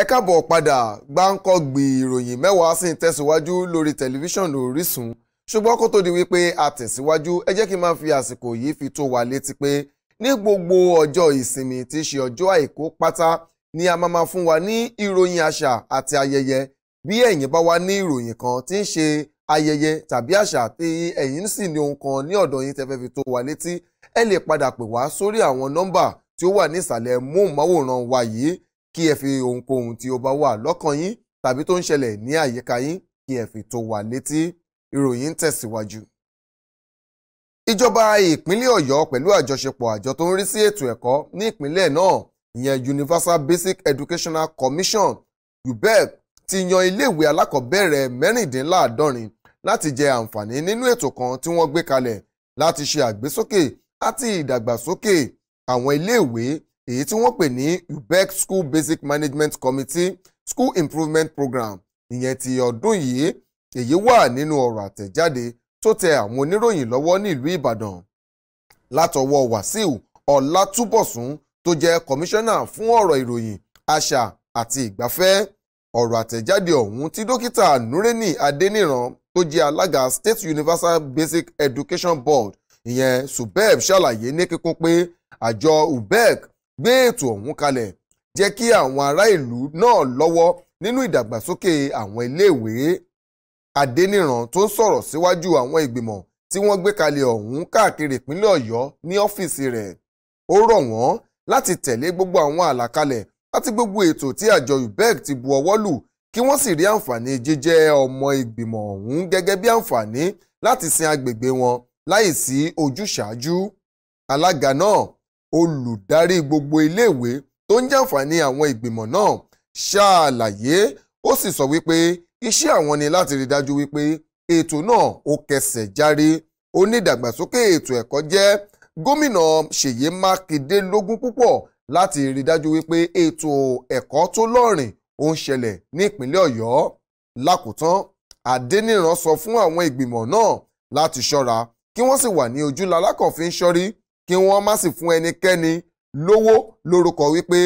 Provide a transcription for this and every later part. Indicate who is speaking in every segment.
Speaker 1: ẹ káàbọ̀ padà gbáǹkọ́gbì ìròyìn mẹ́wàá sì ń tẹ̀síwájú lórí tẹlifíṣàn Orísun ṣùgbọ́n kó tó di wípé a tẹ̀síwájú ẹ jẹ́ kí n máa fi àsìkò yìí fi tó wa létí pé ní gbogbo ọjọ́ ìsinmi tí í ṣe ọjọ́ àìkú pátá ni a máa máa fún wa ní ìròyìn àṣà àti ayẹyẹ bí ẹ̀yin bá wá ní ìròyìn kan tí ń ṣe ayẹyẹ tàbí àṣà tí ẹ̀yin sì ní ohun kan ní ọ̀dọ̀ yín tẹ́fẹ́ fi tó wa létí ẹ lè padà pè wá sórí àwọn nọ́mbà tí ó wà ní ìsàlẹ̀ móhùnmáwòrán wa yìí 0244 kí ẹ fi ohunkóhun tí ó bá wà lọ́kàn yín tàbí tó ń ṣẹlẹ̀ ní àyíká yín kí ẹ fi tó wa létí ìròyìn ń tẹ̀síwájú. ìjọba ìpínlẹ̀ ọ̀yọ́ pẹ̀lú àjọṣepọ̀ àjọ tó ń rí sí ètò ẹ̀kọ́ ní ìpínlẹ̀ náà ìyẹn universal basic educational commission ubeb e ti yan iléèwé alákọ̀ọ́bẹ̀rẹ̀ mẹ́rìndínláàádọ́rin láti jẹ àǹfààní nínú ètò kan tí wọ́n gbé kalẹ̀ láti ṣe àgbésókè àti ìdàgbàsókè àwọn iléèwé èyí tí wọ́n pè ní ubec school basic management committee school improvement program ìyẹn ti ọdún yìí èyí wà nínú ọ̀rọ̀ àtẹ̀jáde tó tẹ àwọn oníròyìn lọ́wọ́ nílùú ìbàdàn látọwọ́ wàsíù ọlátúbọ̀sún tó jẹ́ kọmíṣánná fún ọ̀rọ̀ ìròyìn àṣà àti ìgbafẹ́ ọ̀rọ̀ àtẹ̀jáde ọ̀hún tí dókítà nureni adeniran tó jẹ́ alága state universal basic education board ìyẹn subeb ṣàlàyé ní kíkún pé àjọ ubec gbé ètò ọ̀hún kalẹ̀ jẹ́ kí àwọn ará ìlú náà lọ́wọ́ nínú ìdàgbàsókè àwọn iléèwé Adéníran tó ń sọ̀rọ̀ síwájú àwọn ìgbìmọ̀ tí wọ́n gbé kalẹ̀ ọ̀hún káàkiri ìpínlẹ̀ Ọ̀yọ́ ní ọ́fíìsì rẹ̀ ó rọ̀ wọ́n láti tẹ̀lé gbogbo àwọn àlàkalẹ̀ àti gbogbo ètò tí àjọ UBEC ti bu ọwọ́ lù kí wọ́n sì rí àǹfààní jíjẹ́ ọmọ ìgbìmọ̀ ọ̀hún gẹ́gẹ́ bí àǹfààní láti sin agbègbè wọn láì sí ojúṣàájú alága náà olùdarí gbogbo iléèwé tó ń jàǹfààní àwọn ìgbìmọ̀ náà ṣàlàyé ó sì sọ wípé iṣẹ́ àwọn ni láti rí dájú wípé ètò náà ó kẹsẹ̀ járí onídàgbàsókè ètò ẹ̀kọ́ jẹ́ gómìnà Ṣèyí Mákindé lógún púpọ̀ láti rí dájú wípé ètò ẹ̀kọ́ tó lọ́rìn ó ń ṣẹlẹ̀ ní ìpínlẹ̀ Ọ̀yọ́ lákòótán Adéníran sọ fún àwọn ìgbìmọ̀ náà láti ṣọ́ra kí wọ́n sì wà ní ojúlá alákọ̀ọ́fín ṣọ́rí kí wọ́n má sì fún ẹnikẹ́ni lówó lórúkọ wípé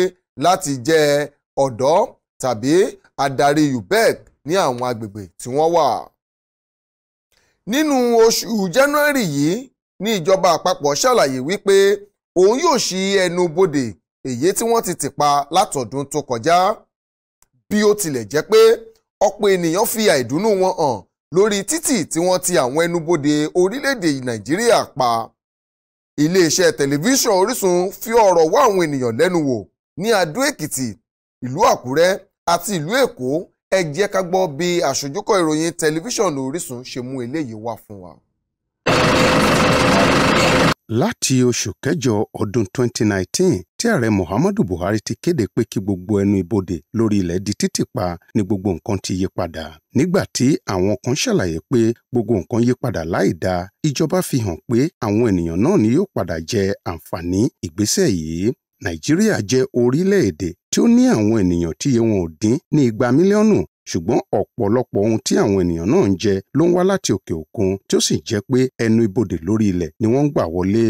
Speaker 1: láti jẹ ọ̀dọ́ tàbí adarí UBEC ní àwọn agbègbè tí wọ́n wà. nínú oṣù January yìí ní ìjọba àpapọ̀ ṣàlàyé wípé òun yóò ṣí ẹnu bodè èyí tí wọ́n ti tì pa látọ̀dún tó kọjá bí ó tilẹ̀ jẹ́ pé ọ̀pọ̀ ènìyàn fi àìdùnnú wọn hàn lórí títì tí wọ́n ti àwọn ẹnubodè orílẹ̀-èdè Nàìjíríà pa iléeṣẹ́ tẹlifíṣàn Orísun fi ọ̀rọ̀ wá àwọn ènìyàn lẹ́nu wò ní Adó Èkìtì ìlú Àkúrẹ́ àti ìlú Èkó ẹ jẹ́ ká gbọ́ bí àṣojúkọ̀ ìròyìn tẹlifíṣàn Orísun ṣe mú eléyìí wá fún wa.
Speaker 2: Láti oṣù kẹjọ ọdún 2019 tí Ààrẹ Muhammadu Buhari ti kéde pé kí gbogbo ẹnu ibodè lórí ilẹ̀ di títì pa ni gbogbo nǹkan ti yí padà. Nígbà tí àwọn kan ṣàlàyé pé gbogbo nǹkan yí padà láì dáa, ìjọba fi hàn pé àwọn ènìyàn náà ni yóò padà jẹ àǹfààní ìgbésẹ̀ yìí. Nàìjíríà jẹ́ orílẹ̀-èdè tí ó ní àwọn ènìyàn tí iye wọn ò dín ní igba mílíọ̀nù ṣùgbọ́n ọ̀pọ̀lọpọ̀ ohun tí àwọn ènìyàn náà ń jẹ ló ń wá láti òkè òkun tí ó sì jẹ́ pé ẹnu ibodè lórí ilẹ̀ ni wọ́n ń gbà wọlé.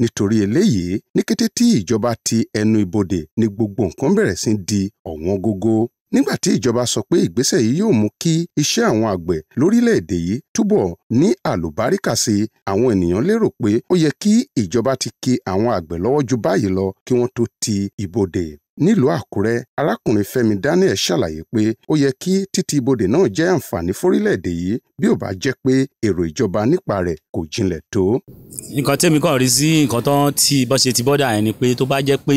Speaker 2: nítorí eléyìí ní kété tí ìjọba ti ẹnu ibodè ni gbogbo nǹkan bẹ̀rẹ̀ sí di ọ̀wọ́n gógó nígbà tí ìjọba sọ pé ìgbésẹ̀ yìí yóò mú kí iṣẹ́ àwọn àgbẹ̀ lórílẹ̀‐èdè yìí túbọ̀ ní àlùbáríkà sí i àwọn ènìyàn lérò pé ó yẹ kí ìjọba ti ki àwọn àgbẹ̀ lọ́wọ́ ju báyìí lọ kí wọ́n tó ti ibodè nílùú àkúrẹ́ arákùnrin fẹ́mi daniel ṣàlàyé pé ó yẹ kí títí ibodè náà jẹ́ àǹfààní fórílẹ̀-èdè yìí bí ó bá jẹ́ pé èrò ìjọba nípa rẹ̀ kò jinlẹ̀ tó.
Speaker 3: nǹkan tẹ́mi kàn rí sí nǹkan tán tí bọ́n ṣe ti bọ́dà yẹn ni pé tó bá jẹ́ pé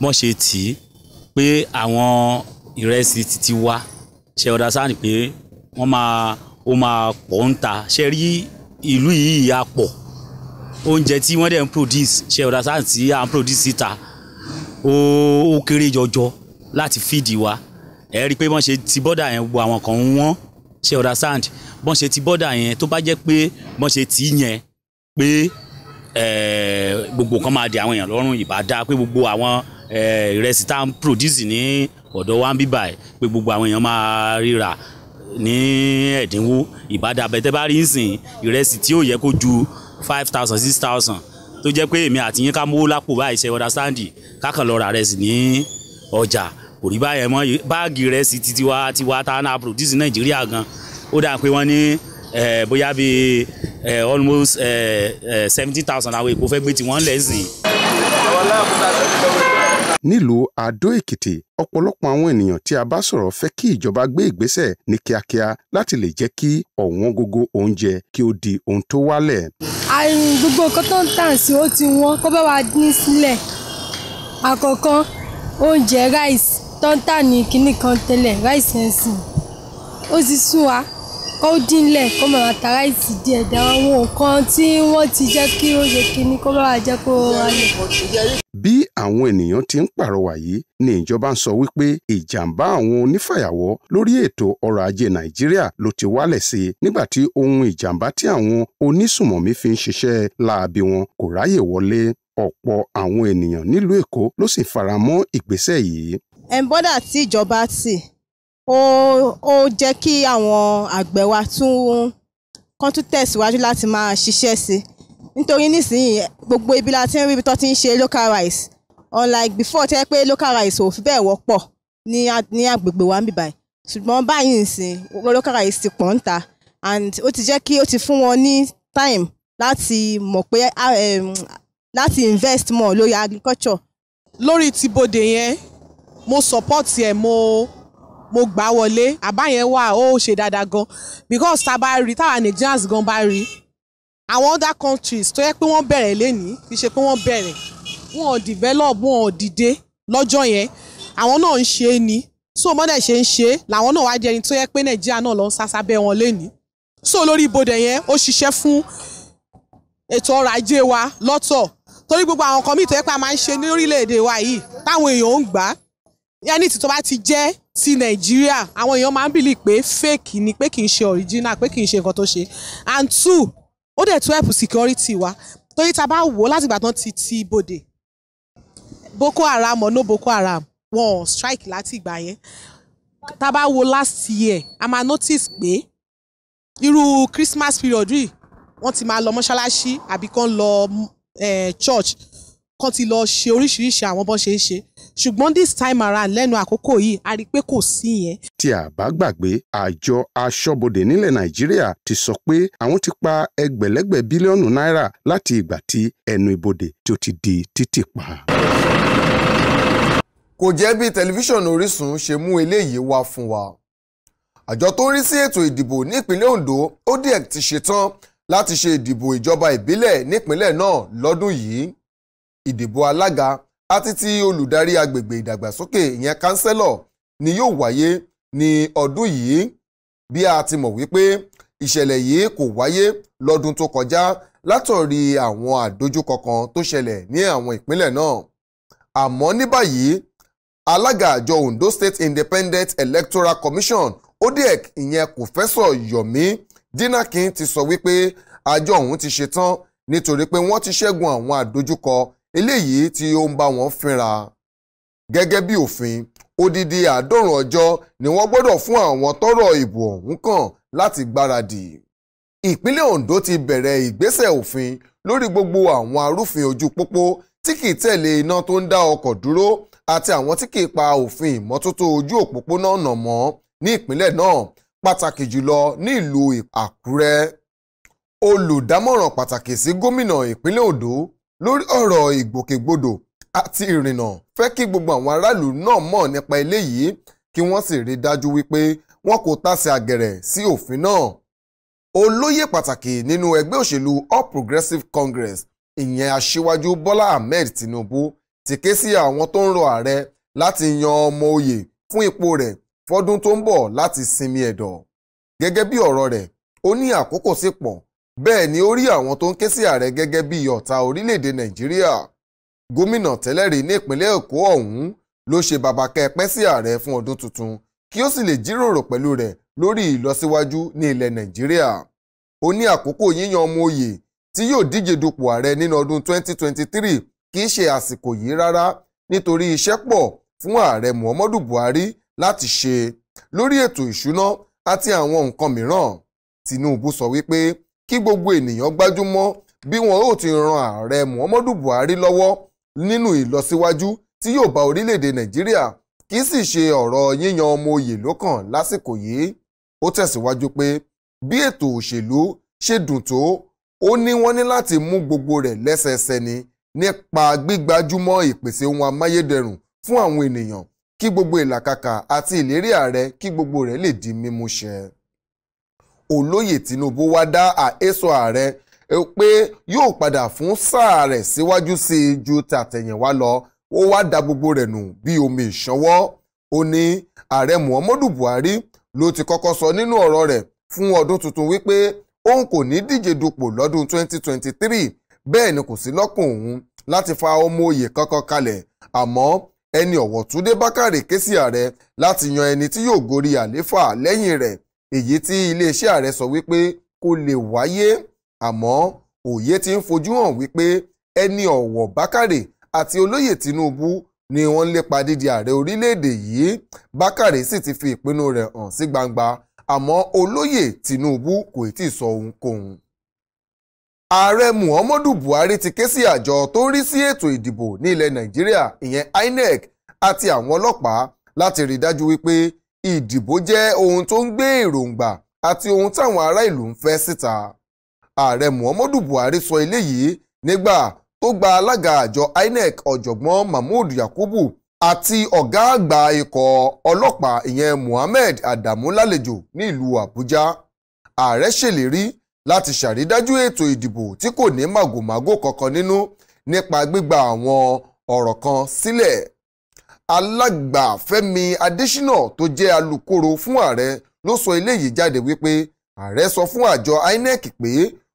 Speaker 3: bọ́n ṣe tì í pé àwọn ìrẹsì títí wá ṣe ọ̀dà sáà ni pé wọ́n máa ó máa pọ̀ ń ta ṣe rí ìlú yìí á pọ̀ oúnjẹ tí wọ́n dẹ̀ ń produce ṣe ọ̀dà sáà tí à ń produce síta ó kéré jọjọ láti fíìdì wa ẹ rí i pé bọ́n ṣe ti bọ́dà yẹn gbogbo àwọn kan wọ́n ṣe ọ̀dà sand bọ́n ṣe ti bọ́dà yẹn tó bá jẹ́ pé bọ́n ṣe tì í yẹn pé gbogbo kan máa di àwọn èèyàn lọ́rùn ìbá pé gbogbo àwọn ìrẹsì tá à ń produce ní ọ̀dọ̀ wa ń bíbà ẹ̀ pé gbogbo àwọn èèyàn máa ríra ní ẹ̀dínwó ìbádà bẹ̀tẹ̀ bá rí ń sìn ìrẹsì tí ó yẹ kó ju five thousand six thousand tó jẹ́ pé èmi àti yín ká mówó lápò báyìí ṣe understand kákan lọ ra rẹsì ní ọjà kò rí báyẹn mọ́ báàgì rẹsì ti tiwa tiwa tá a náà produce nàìjíríà gan ó dáa pé wọ́n ní bóyá bíi almost seventy thousand àwọn èkó fẹ́ gbé tiwọn lẹ́sìn
Speaker 2: nílùú Adó-Èkìtì ọ̀pọ̀lọpọ̀ àwọn ènìyàn tí a bá sọ̀rọ̀ fẹ́ kí ìjọba gbé ìgbésẹ̀ ní kíákíá láti lè jẹ́ kí ọ̀wọ́n gógó oúnjẹ kí ó di ohun tó wálẹ̀.
Speaker 4: àrùn gbogbo nǹkan tó ń tàn sí ó ti wọ́n kó bá wa ní sílẹ̀ àkọ́kọ́ oúnjẹ ráìsì tó ń
Speaker 2: tà ní kinní kan tẹ́lẹ̀ ráìsì ẹ̀sìn ó ti sún wa kó dínlẹ̀ kó máa ta ráìsì díẹ̀ dá àwọn nǹkan tí wọ́n ti jẹ́ kí ó ṣe kinní kó máa jẹ́ kó
Speaker 1: rọrùn.
Speaker 2: bí àwọn ènìyàn ti ń pàrọwà yìí ni ìjọba ń sọ wípé ìjàmbá àwọn onífàyàwọ́ lórí ètò ọrọ̀ ajé nàìjíríà ló ti wálẹ̀ sí i nígbà tí ohun ìjàmbá tí àwọn onísùmọ̀mí fi ń ṣiṣẹ́ láabi wọn kò ráyè wọlé ọ̀pọ̀ àwọn ènìyàn nílùú èkó ló sì fara mọ́ ìgbésẹ̀
Speaker 4: ó ó jẹ́ kí àwọn àgbẹ̀ wa tún kán tún tẹ̀síwájú láti máa ṣiṣẹ́ sí nítorí nísìnyí gbogbo ibi la ti ń rí ibi tó ti ń ṣe local rice unlike before tẹ́ pé local rice ò fi bẹ́ẹ̀ wọ́pọ̀ ní ní agbègbè wa níbí báyìí ṣùgbọ́n báyìí nìsín local rice ti pọ̀ ń ta and ó ti jẹ́ kí ó ti fún wọn ní time láti mọ̀ pé ehm, láti invest more lórí agriculture. lórí tibodè yẹn mo support ẹ mo mo gbà wọlé àbá yẹn wà ó ṣe dáadáa gan because tá a bá rí táwa Nigerians gan bá rí àwọn other countries tó yẹ pé wọ́n bẹ̀rẹ̀ lénìí kì ṣe pé wọ́n bẹ̀rẹ̀ wọn ò develop wọn ò dìde lọ́jọ́ yẹn àwọn náà ń ṣe é ni so mọ́dẹ̀ ṣe ń ṣe é làwọn náà wá jẹ́ ẹni tó yẹ pé Nàìjíríà náà lọ ń sásá bẹ́ wọn lénìí so lórí ibodè yẹn ó ṣiṣẹ́ fún ètò ọrọ̀ ajé wa lọ́tọ̀ torí gbogbo àwọn kan míì tó yẹ pé a máa ń ṣe ní orílẹ̀-èdè wa yìí táwọn èèyàn ń gbà á ẹni tí tó bá ti jẹ́ ti nàìjíríà àwọn èèyàn máa ń bìlì pé fake ni pé kì í ṣe original pé kì í ṣe nǹkan tó ṣe and two ó dẹ̀ tún help security wa torí ta bá wò ó látìgbà tán ti ti ibodè boko haram or no boko haram wọn ò strike láti ìgbà yẹn ta bá wo last year a máa notice pé irú christmas period yìí wọ́n ti máa lọ mọ́ṣáláṣí àbí kán lọ eh, church kán ti lọ ṣe oríṣiríṣi àwọn bó ṣe ń ṣe ṣùgbọ́n this time around lẹ́nu àkókò yìí a rí i pé kò sí yẹn.
Speaker 2: tí a bá gbàgbé àjọ aṣọ́bodè nílẹ̀ nàìjíríà ti sọ pé àwọn ti pa ẹgbẹ̀lẹ́gbẹ̀ bílíọ̀nù náírà láti ìgbà tí ẹnu ibodè tó ti di títì pa.
Speaker 1: kò jẹ́ bí tẹlifíṣàn orísun ṣe mú eléyìí wá fún wa. àjọ tó ń rí sí ètò ìdìbò nípínlẹ̀ ondo ODEC ti ṣetán láti ṣe ìdìbò ìjọba ìbílẹ̀ nípínlẹ̀ náà lọ́dún yìí ìdìbò alága àti ti olùdarí agbègbè ìdàgbàsókè ìyẹn kánsẹ́lọ̀ ni yóò wáyé ní ọdún yìí bí a ti mọ̀ wípé ìṣẹ̀lẹ̀ yìí kò wáyé lọ́dún tó kọjá látọ̀rí àwọn àdójúkọ kan tó ṣẹlẹ̀ ní àwọn ìpínlẹ̀ náà àmọ́ ní báyìí alága àjọ Ondo State Independent Electoral Commission ODEC ìyẹn kòfẹ́sọ̀ Yomi Dinakin ti sọ wípé àjọ ọ̀hún ti ṣetán nítorí pé wọ́n ti ṣẹ́gun àwọn àdójúkọ eléyìí tí ó ń bá wọn fínra. gẹ́gẹ́ bí òfin odidi àádọ́rùn ọjọ́ ni wọ́n gbọ́dọ̀ fún àwọn tọ́rọ̀ ìbò ọ̀hún kàn láti gbáradì. ìpínlẹ̀ Ondo ti bẹ̀rẹ̀ ìgbésẹ̀ òfin lórí gbogbo àwọn arúfin ojú pópó tí kì í tẹ̀lé iná tó ń dá ọkọ̀ dúró àti àwọn tí kì í pa òfin ìmọ́tótó ojú òpópónà nà mọ́ ní ìpínlẹ̀ náà pàtàkì jùlọ ní ìlú Àkúrẹ́. olùdámọ̀ràn pàtàkì sí gómìnà ìpínlẹ̀ Ondo lórí ọ̀rọ̀ ìgbòkègbodò àti ìrìnnà fẹ́ kí gbogbo àwọn aráàlú náà mọ̀ nípa eléyìí kí wọ́n sì rí dájú wípé wọn kò tàsẹ̀ àgẹ̀rẹ̀ sí òfin náà. olóyè pàtàkì nínú ẹgbẹ́ òṣèlú All Progressives Congress ìyẹn aṣíwájú Bọ́lá Ahmed Tinubu ti ké sí àwọn tó ń rọ ààrẹ láti yan ọmọ oyè fún ipò rẹ̀ fọ́dún tó ń bọ̀ láti sinmi ẹ̀dọ̀. gẹ́gẹ́ bí ọ̀rọ̀ rẹ̀ ó ní àkókò sí pọ̀ bẹ́ẹ̀ ni ó rí àwọn tó ń ké sí ààrẹ gẹ́gẹ́ bí ọ̀tá orílẹ̀-èdè nàìjíríà gómìnà tẹ́lẹ̀rí ní ìpínlẹ̀ èkó ọ̀hún ló ṣe bàbá kẹ́ẹ̀pẹ́ sí ààrẹ fún ọdún tuntun kí ó sì lè jíròrò pẹ̀lú rẹ̀ lórí ìlọsíwájú ní ilẹ̀ nàìjíríà ó ní àkókò yíyan ọmọ oyè tí yóò díje dupò ààrẹ nínú ọdún 2023 kì í ṣe àsìkò yìí rárá nítorí iṣẹ́ pọ̀ fún ààrẹ muhammadu buhari láti ṣe lórí ètò ìṣúná àti àwọn nǹkan mìíràn tinubu sọ wípé kí gbogbo ènìyàn gbájúmọ́ bí wọn ó ti ran ààrẹ Muhammadu Buhari lọ́wọ́ nínú ìlọsíwájú tí yóò bá orílẹ̀-èdè Nàìjíríà kì í sì ṣe ọ̀rọ̀ yíyan ọmọ oyè lọ́kàn lásìkò yìí ó tẹ̀síwájú pé bí ètò òṣèlú ṣe dùn tó ó ní wọ́n ní láti mú gbogbo rẹ̀ lẹ́sẹẹsẹ ni nípa gbígbájúmọ́ ìpèsè ohun amáyédẹrùn fún àwọn ènìyàn kí gbogbo ìlàkàkà àti ìlérí ààrẹ kí gbogbo rẹ̀ lè di mímúṣẹ olóyè Tinubu wá dá àhesọ ààrẹ pé yóò padà fún sáà rẹ̀ síwájú sí i ju tàtẹ̀yìnwá lọ ó wá da gbogbo rẹ̀ nù bí omi ìṣanwọ́ ó ní ààrẹ Muhammadu Buhari ló ti kọ́kọ́ sọ nínú ọ̀rọ̀ rẹ̀ fún ọdún tuntun wípé òun kò ní díje dupò lọ́dún 2023 bẹ́ẹ̀ ni kò sí lọ́kàn òun láti fa ọmọ oyè kankan kalẹ̀ àmọ́ ẹni ọ̀wọ̀ Bákàrè ké sí ààrẹ láti yan ẹni tí yóò gorí àléfà lẹ́yìn rẹ̀ èyí tí iléeṣẹ́ ààrẹ sọ wípé kò lè wáyé àmọ́ òye ti ń fojú hàn wípé ẹni ọ̀wọ̀ bákàrè àti olóyè Tinubu ni wọ́n ń lépa dídi ààrẹ orílẹ̀-èdè yìí bákàrè sì ti fi ìpinnu rẹ̀ hàn sí gbangba àmọ́ olóyè Tinubu kò tí ì sọ ohunkóhun. ààrẹ Muhammadu Buhari ti ké sí àjọ tó rí sí ètò ìdìbò ní ilẹ̀ Nàìjíríà ìyẹn INEC àti àwọn ọlọ́pàá láti rí dájú wípé ìdìbò jẹ́ ohun tó ń gbé èròǹgbà àti ohun táwọn ará ìlú ń fẹ́ síta. ààrẹ muhammadu buhari sọ eléyìí nígbà tó gba alága àjọ inec ọ̀jọ̀gbọ́n mahmood yakubu àti ọ̀gá àgbà ikọ̀ ọlọ́pàá ìyẹn muhammed adamu lálejò nílùú àbújá. ààrẹ ṣèlérí láti ṣàrídájú ètò ìdìbò tí kò ní màgòmágó kankan nínú nípa gbígba àwọn ọ̀rọ̀ kan sílẹ̀ alàgbà Fẹ́mi Adésínà tó jẹ́ alukoro fún ààrẹ ló sọ eléyìí jáde wípé ààrẹ sọ fún àjọ INEC pé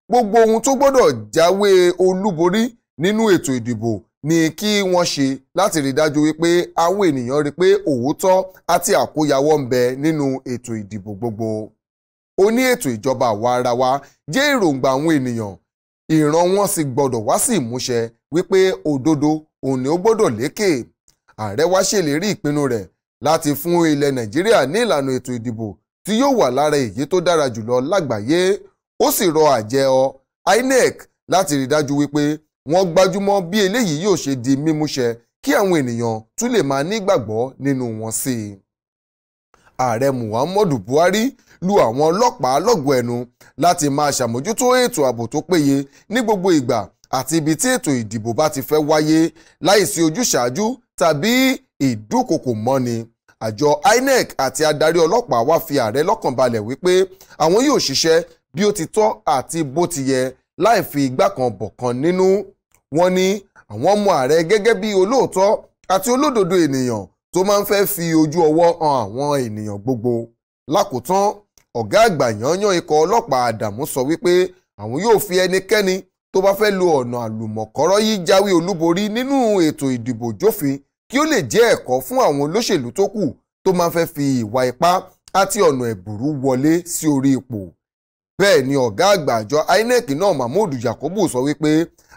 Speaker 1: gbogbo ohun tó gbọ́dọ̀ jáwé olúborí nínú ètò ìdìbò ni kí wọ́n ṣe láti rí dájú wípé àwọn ènìyàn rí pé òótọ́ àti àkóyawọ́ ń bẹ nínú ètò ìdìbò gbogbo. ó ètò ìjọba àwa ara wa jẹ́ èròǹgbà àwọn ènìyàn ìran wọn sì gbọ́dọ̀ wá sí ìmúṣẹ wípé òdodo òun ó gbọ́dọ̀ lékè ààrẹ wá ṣèlérí ìpinnu rẹ̀ láti fún ilẹ̀ nàìjíríà ní ìlànà ètò ìdìbò tí yóò wà lára èyí tó dára jùlọ lágbàáyé ó sì rọ àjọ INEC láti rí dájú wípé wọ́n gbájúmọ́ bí eléyìí yóò ṣe di mímúṣẹ kí àwọn ènìyàn tún lè máa nígbàgbọ́ nínú wọn sí i ààrẹ muhammadu buhari lu àwọn ọlọ́pàá lọ́gọ̀ ẹnu láti máa ṣàmójútó ètò ààbò tó péye ní gbogbo ìgbà àti ibi tí ètò ìdìbò bá ti fẹ́ wáyé láìsí ojúṣàájú tàbí ìdúkokò mọ́ni àjọ INEC àti adarí ọlọ́pàá wá fi ààrẹ lọ́kàn balẹ̀ wípé àwọn yóò ṣiṣẹ́ bí ó ti tọ́ àti bó ti yẹ láì fi igbá kan bọ̀kan nínú wọn ni àwọn mú ààrẹ gẹ́gẹ́ bí olóòótọ́ àti olódodo ènìyàn tó máa ń fẹ́ fi ojú ọwọ́ han àwọn ènìyàn gbogbo lákòótán ọ̀gá àgbà yanyan ikọ̀ ọlọ́pàá Àdàmú sọ wípé àwọn yóò fi ẹnikẹ́ni tó bá fẹ́ lo ọ̀nà àlùmọ̀kọ́rọ́ yìí jáwé olúborí nínú ètò ìdìbò jófin kí ó lè jẹ́ ẹ̀kọ́ fún àwọn olóṣèlú tó kù tó máa fẹ́ fi ìwà ipá àti ọ̀nà ẹ̀bùrú wọlé sí orí ipò. bẹ́ẹ̀ ni ọ̀gá àgbà àjọ INEC náà Mahmood Yakubu sọ wípé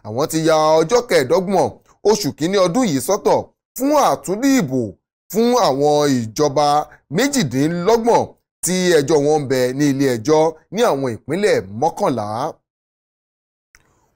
Speaker 1: àwọn ti ya ọjọ́ kẹẹ̀ẹ́dọ́gbọ̀n oṣù kínní ọdún yìí sọ́tọ̀ fún àtúndì ìbò fún àwọn ìjọba méjìdínlọ́gbọ̀n tí ẹjọ́ wọn ń bẹ ní ilé ẹjọ́ ní àwọn ìpínlẹ̀ mọ́kànlá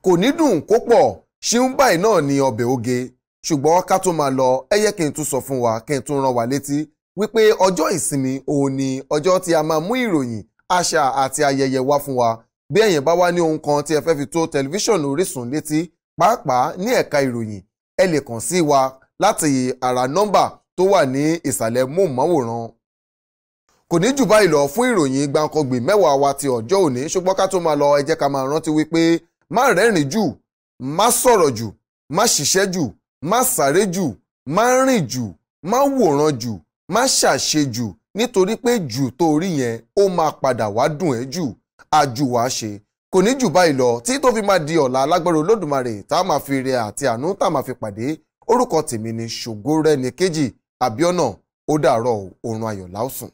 Speaker 1: kò ní dùn kó pọ̀ ṣeun báyìí náà ni ọbẹ̀ oge ṣùgbọ́n ká tó máa lọ ẹ yẹ kí n tún sọ fún wa kí n tún rán wa létí wípé ọjọ́ ìsinmi òun ni ọjọ́ tí a máa mú ìròyìn àṣà àti ayẹyẹ wá fún wa bí ẹ̀yin bá wá ní ohun kan tí ẹ fẹ́ fi tó tẹlifíṣọ̀nù Orísun létí pàápàá ní ẹ̀ka ìròyìn ẹ lè kàn sí wa láti ara nọ́mbà tó wà ní ìsàlẹ̀ móhùnmáwòrán kò ní jù báyìí lọ fún ìròyìn gbàǹkangbè mẹ́wàá wa ti ọjọ́ òní ṣùgbọ́n ká tó máa lọ ẹ ká máa rántí wípé má rẹ́rìn jù má sọ̀rọ̀ jù má ṣiṣẹ́ jù má sáré jù má rìn jù má wòran jù má ṣàṣe jù nítorí pé jù tó rí yẹn ó máa padà wá dùn ẹ́ jù àjùwà ṣe kò ní jù báyìí lọ tí tó fi máa di ọ̀la alágbára olódùmarè tá a máa fi rẹ àti àánú tá a máa fi pàdé orúkọ tèmi ni ṣògo rẹni kejì àbíọ́nà ó dàárọ̀ oorun ayọ̀ láòsùn.